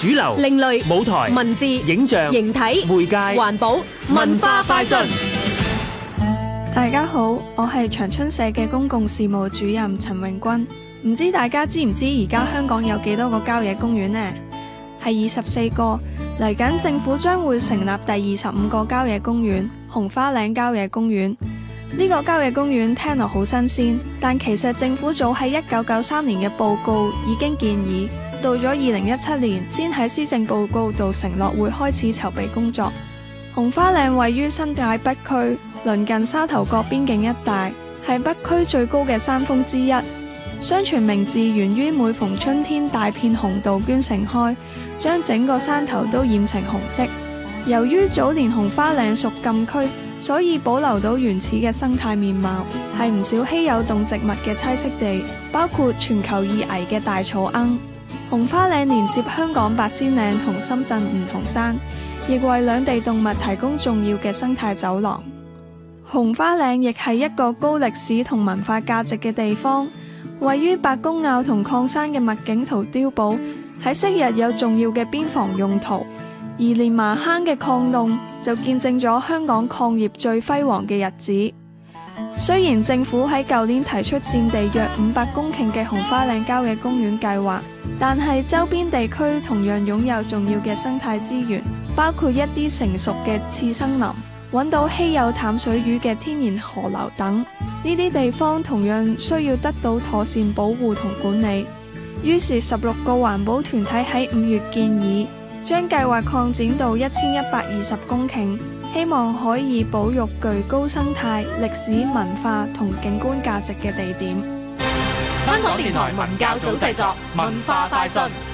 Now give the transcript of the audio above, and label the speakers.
Speaker 1: 主流、另類舞台、文字、影像、形體、媒介、環保、文化、快進。大家好，我係長春社嘅公共事務主任陳永軍。唔知大家知唔知而家香港有幾多個郊野公園呢？係二十四個。嚟緊政府將會成立第二十五個郊野公園——紅花嶺郊野公園。呢個郊野公園聽落好新鮮，但其實政府早喺一九九三年嘅報告已經建議。到咗二零一七年，先喺施政報告度承諾會開始籌備工作。紅花嶺位於新界北區，鄰近沙頭角邊境一帶，係北區最高嘅山峰之一。相傳名字源於每逢春天，大片紅杜鵑盛開，將整個山頭都染成紅色。由於早年紅花嶺屬禁區，所以保留到原始嘅生態面貌，係唔少稀有動植物嘅棲息地，包括全球易危嘅大草鶯。紅花嶺連接香港八仙嶺同深圳梧桐山，亦為兩地動物提供重要嘅生態走廊。紅花嶺亦係一個高歷史同文化價值嘅地方，位於伯公坳同礦山嘅麥景陶碉堡喺昔日有重要嘅邊防用途，而蓮麻坑嘅礦洞就見證咗香港礦業最輝煌嘅日子。雖然政府喺舊年提出佔地約五百公頃嘅紅花嶺郊野公園計劃，但係周邊地區同樣擁有重要嘅生態資源，包括一啲成熟嘅次生林、揾到稀有淡水魚嘅天然河流等。呢啲地方同樣需要得到妥善保護同管理。於是，十六個環保團體喺五月建議，將計劃擴展到一千一百二十公頃。希望可以保育具高生態歷史文化同景觀價值嘅地點。香港電台文教組製作文化快訊。